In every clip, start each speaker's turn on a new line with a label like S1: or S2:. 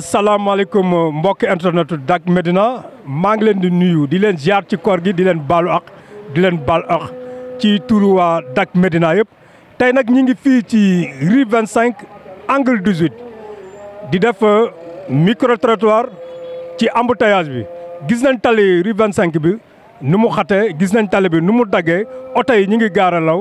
S1: asalaamaaleykum mbokki internetu Dak Médina maa ngi leen di nuyu di leen ziar ci koor gi di leen baalu ak di leen baal ak ci turu waa Dak Médina yëpp tey nag ñi ngi fii ci rue 25 du 18 di def euh, micro trottoir ci embouteillage bi gis nañ tali rue 25 bi nu mu xatee gis nañ tali bi nu mu daggee
S2: oto yi ñi ngi gaara law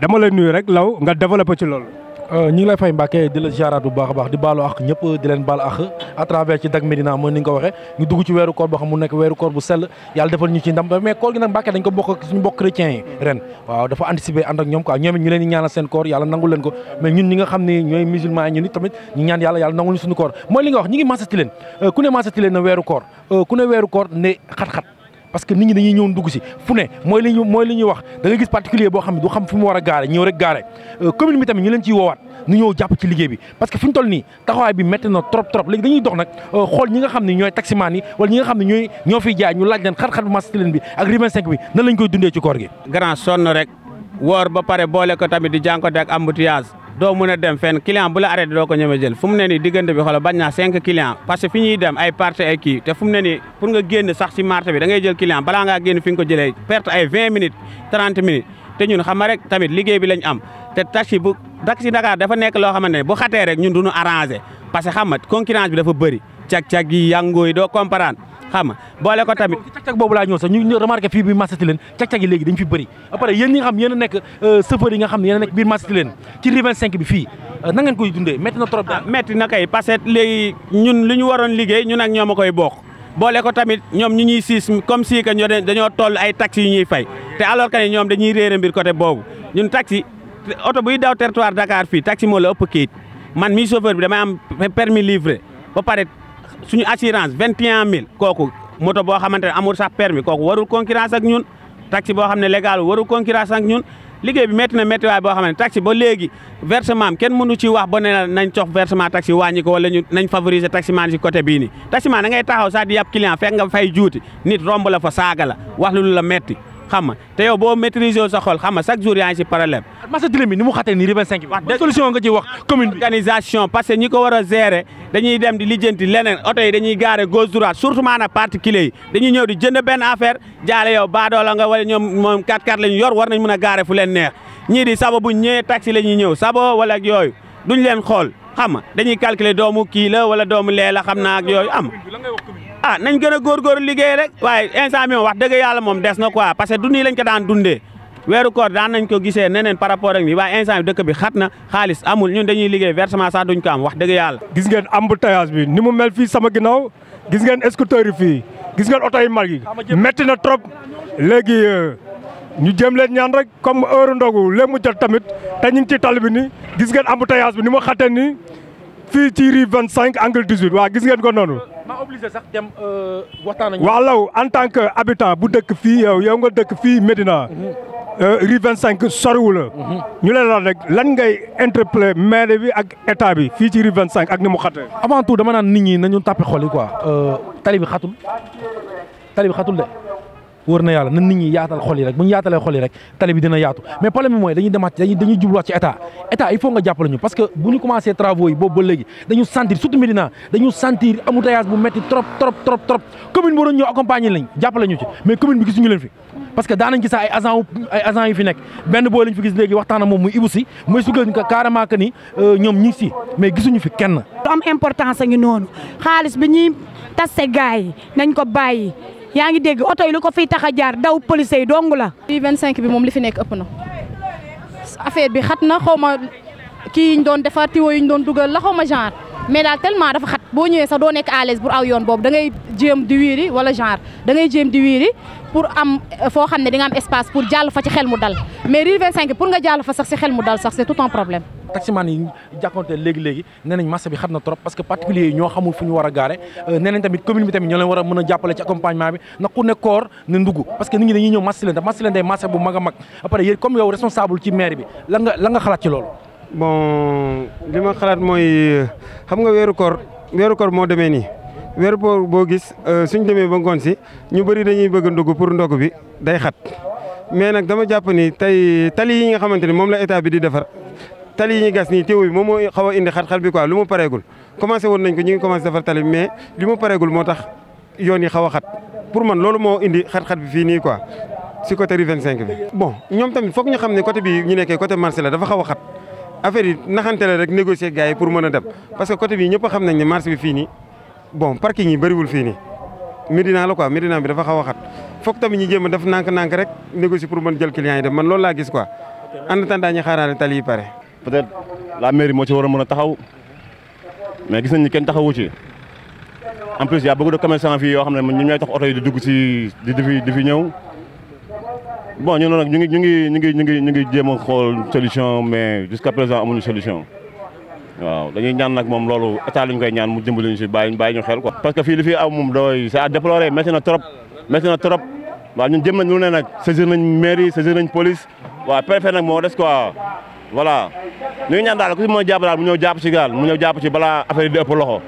S2: dama leen nuyu rek law nga développé ci lool Euh, ñu ngi lay fay Mbacke di la jaaraat bu baax di baalu ak ñëpp di leen baal ak à ci Dak Médina mooy ni nga ñu dugg ci weeru koor boo xam nekk weeru koor bu sell yàlla defal ñu ci ndam koor gi nag Mbacke dañ ko bokk suñu bokk chrétiens yi ren waaw dafa anticiper ànd ñoom quoi ñoom it ñu leen di ñaanal seen koor yàlla nangul leen ko mais ñun ñi nga xam ne ñooy musulman yi ñun tamit ñu ñaan yàlla yàlla nangul ñu suñu koor mooy li nga wax ñi parce que nit ñi dañuy ñëw dugg si fu ne mooy li ñu mooy li ñuy wax da nga gis particulier boo xam ne du xam fu mu war a gaare ñëw rek gaare euh, commune bi tamit ñu leen ciy woowaat ñu ñëw jàpp ci liggéey bi parce que fi ñu toll nii taxawaay bi métti na trop trop léegi dañuy dox nag euh, xool ñi nga xam ne ñooy taximaan yi wala ñi nga xam ne ñooy ñoo fiy jaay ñu laaj leen xar-xar bu marché bi ak Rue 25 bi nan lañ koy dundee ci koor gi
S3: grand sonn rek woor doo mën a dem fenn client bu la arrêté doo ko ñeme jël fu mu ne nii diggante bi xoolal bañ naa cinq client parce que fi ñuy dem ay parte ay kii te fu mu ne nga génn sax si marché bi da ngay jël client balaa ngaa génn fi nga ko jëlee perte ay vingt minutes trente minutes te ñun xam rek tamit liggéey bi lañ am te taxi bu taxi Dakar dafa nekk loo xamante ne bu xatee rek ñun du ñu arrangé parce que xam nga bi dafa bëri cag-cag yi yàngooy
S2: doo comprendre xam boole ko tamit cag boobu laa ñëw ñu remarqué fii biir marché Tilène cag-cag léegi dañ fi bëri ba pare ñi xam yéen a nekk euh, nga xam ne yéen a nekk biir marché Tilène ci bi fii euh, na ngeen koy dundee métti ah, na kay parce léegi ñun lu ñu liggéey ñun ak ñoom a koy
S3: boole ko tamit ñoom ñu ñuy siis comme si que ñoo dañoo toll ay taxi yu ñuy fay te alors que ñoom dañuy réere mbir côté boobu ñun taxi oto buy daw territoire Dakar fii taxi suñu assurance vingt et un mille kooku moto boo xamante ne amul sax permis kooku warul concurrence ak ñun taxi boo xam ne légal warul concurrence ak ñun liggéey bi métti na métti waay boo xam ne taxi ba léegi versement am kenn mënu ci wax ba ne nañ cox versement taxi wàññi ko wala ñu nañ favoriser taximan si côté bii nii taximan da ngay taxaw sax di yàpp client fekk nga fay juuti nit romb la fa saaga la wax lu la métti xam nga te yow boo maîtriser sa xol xam nga chaque jour yaa ngi si problème. masa dilem bi ni mu xatee nii Ruben 5 bi. wax que ñi ko war a gérer dañuy dem di lijjanti leneen oto yi dañuy gaare gauche droite surtout maanaam particulier yi dañuy ñëw di jënd benn affaire jaale yow baadoola nga wala ñoom moom 4 x ñu yor war nañ mën a gaare fu leen neex ñii di sabo buñ ñëwee taxi la ñuy ñëw sabo wala ak yooyu duñ leen xool xama dañuy calculer doomu kii la wala doomu lee la xam naa yooyu am ah nañ gën a góorgóorlu liggéey rek waaye instant bi moom wax dëgg yàlla moom des na quoi parce que du nii lañ ko daan dundee weeru koor daan nañ ko gisee neneen par rapport ak nii bi dëkk bi xat na xaalis amul ñun dañuy liggéey versement sax duñ ko am wax dëgg yàlla.
S1: gis ngeen embouteillage bi ni mu mel fii sama ginnaaw gis ngeen scooter yi fii gis ngeen oto yu mag yi métti na trop léegi euh, ñu jëm leen ñaan rek comme heure ndogu léegi mu jot tamit te ñu ngi ci tali bi nii gis ngeen embouteillage bi ni mu xatee nii fii ci rue 25 angle 18 waa gis ngeen ko noonu
S2: maa obligé sax dem euh, waxtaan waaw law
S1: en tant que habitant bu dëkk fii yow yow nga dëkk fii Médina. Mhm. Euh, rue 25 soriwu la. Mhm. ñu leen laaj rek lan ngay interpellé maire bi ak état bi
S2: fii ci rue cinq ak ni mu xatee. avant tout dama naan nit ñi nañu tàppe xol yi quoi. Euh, bi xatul tali bi xatul de. wóor na yàlla nan nit ñi yaatal xol yi rek bu ñu yaatalee xol yi rek tali bi dina yaatu mais problème bi mooy dañuy demaat dañuy dañuy jubluwaat ci état état il faut nga jàppale ñu parce que bu ñu commencé travaux yi boobu ba léegi dañu sentir surtout Médina dañu sentir embouteillage bu metti trop trop trop trop commune boo doon ñëw accompagner jàppale ñu ci mais commune bi gisuñu leen fi parce que daanañ gis ay agent yu fi nekk benn booy lañ fi gis léegi waxtaan moom muy ibu euh, kenn. lu am importance a ngi noonu xaalis bi ñuy
S3: nañ ko bàyyi yaa ngi dégg oto yi lu ko fiy tax a jaar daw police yi dong la. vingt
S2: cinq bi moom li fi nekk ëpp na affaire bi xat na xaw ma kii ñu doon defar tiwo yi ñu doon dugal la xaw ma genre mais daal tellement dafa xat boo ñëwee sax doo nekk à pour aw yoon boobu da ngay jéem di wiiri wala genre dangay ngay di wiiri pour am euh, foo xam ne di nga am espace pour jàll fa ci xel mu dal mais rue 25 pour nga jàll fa sax si xel mu dal sax c'est tout un problème. taximan yi jakonté légui légui nénañ nañ bi xatna na trop parce que particulier ño xamul fuñu wara garé euh, nénañ tamit commune bi tamit ño leen wara mëna jappalé ci accompagnement bi na ku ne koor né ndugu parce que nit ñi dañuy ñëw masse leen te masse leen day bu maga mag après yéen comme yow responsable ci maire bi la nga la nga xalat ci lool
S4: bon lima xalat moy xam nga wéru koor wéru koor mo démé ni wéru bo bo gis euh, suñ démé ba ngon si ñu bari dañuy bëgg ndugu pour ndog bi day xat mais nak dama japp ni tay tali yi nga xamanteni mom la état bi di defar tali yi ñuy gas ni teewu bi moom moo xaw a indi xat-xat bi quoi lu mu pareegul commencé woon nañ ko ñu ngi commencé defar tali bi mais li mu moo tax yoon yi a xat pour man loolu moo indi xat-xat bi fii nii quoi si côté rue 25 bi. bon ñoom tamit foog ñu xam ne côté bi ñu nekkee côté marché la dafa xaw a xat affaire yi naxante la rek négocier gars yi pour mën a dem parce que côté bi ñëpp xam nañ ne marché bi fii bon parking yi bëriwul fii nii Médina la quoi Médina bi dafa xaw a xat foog tamit ñu jéem a def nànk-nànk rek négocier pour mën jël client yi loolu laa gis quoi en attendant ñu xaaraale pare. peut-être la mairie moo ci war a mën a taxaw mais gis nañ ni kenn taxawu ci en plus y a beaucoup de
S3: commerçants fii yoo xam ne ñu ñooy tax oto yi di dugg si di fi di fi ñëw bon ñu noonu nag ñu ngi ñu ngi ñu ngi ñu ngi ñu ngi jéem a xool solution mais jusqu'à présent amuñu solution waaw dañuy ñaan nag moom loolu état lañ koy ñaan mu dimbali ñu si bàyyi bàyyi ñu xel quoi. parce que fii li fi aw moom dooy c'est à déplorer métti na trop métti na trop waaw ñun jëm nañ lu nee nag saisir nañ mairie saisir nañ police waaw préfet moo des voilà ñu ngi ñaan daal ku si mën a mu ñëw jàpp si gaal mu ñëw jàpp si balaa affaire yi di ëpp loxo